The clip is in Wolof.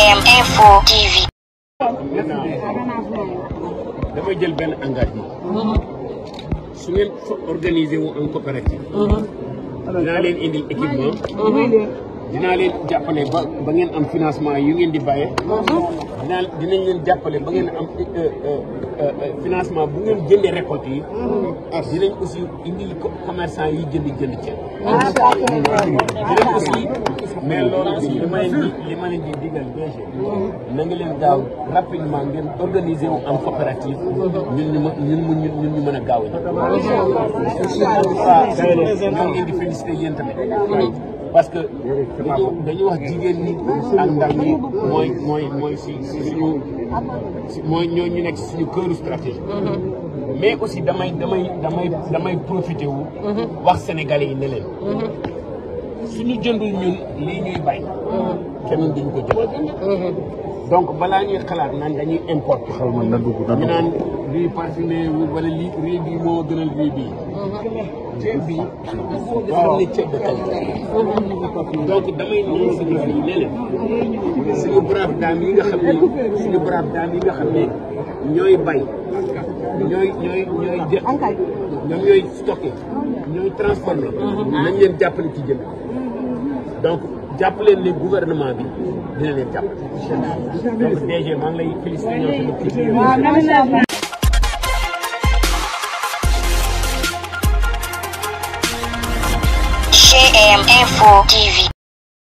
GM jël benn engagement. su ngeen organiser wu en coopérative. Mhm. dinaa dinaa leen jàppale ba ba ngeen am financement yi ngeen di bàyyee. dinaa dinañ leen jàppale ba ngeen am eh, eh, eh, financement bu ngeen jëndee récolte yi. Mm-hmm. dinañ aussi indi commerçant yi jënd jënd ceeb. Ah, dinañ leen di li na nga leen gaaw rapidement ngeen organiser wu en coopérative. ñun ñu ñu mën a gaaw a. waaw waaw waaw waaw waaw waaw parce que dañu wax jigéen ñi ak mooy mooy mooy si si mooy ñoo ñu nekk suñu këru stratégie mhm. mais aussi damay damay damay damay profité wu mhm. wax sénégale yi ne leen mhm. suñu jëndul ñun lii ñuy bay kenn duñ ko jëfandikoo. donc balaa ñuy xalaat naan dañuy importer. xaw ma nan dugg ñu naan lii parfumé wala lii riz bii moo gënal riz bii. ceeb bi waaw dafa ceeb de qualité. donc damay nuyu ñu fii ne leen suñu brave dame yi nga xam ne suñu brave dame yi nga xam ne ñooy bay ñooy ñooy ñooy jë ñoom ñooy stocké ñooy transformé. Ah. nañ leen jàppale ci jën donc. jàppaleen ne gouvernement bi dina leen japp donc DG maa ngi lay félicité ñoo GM Info TV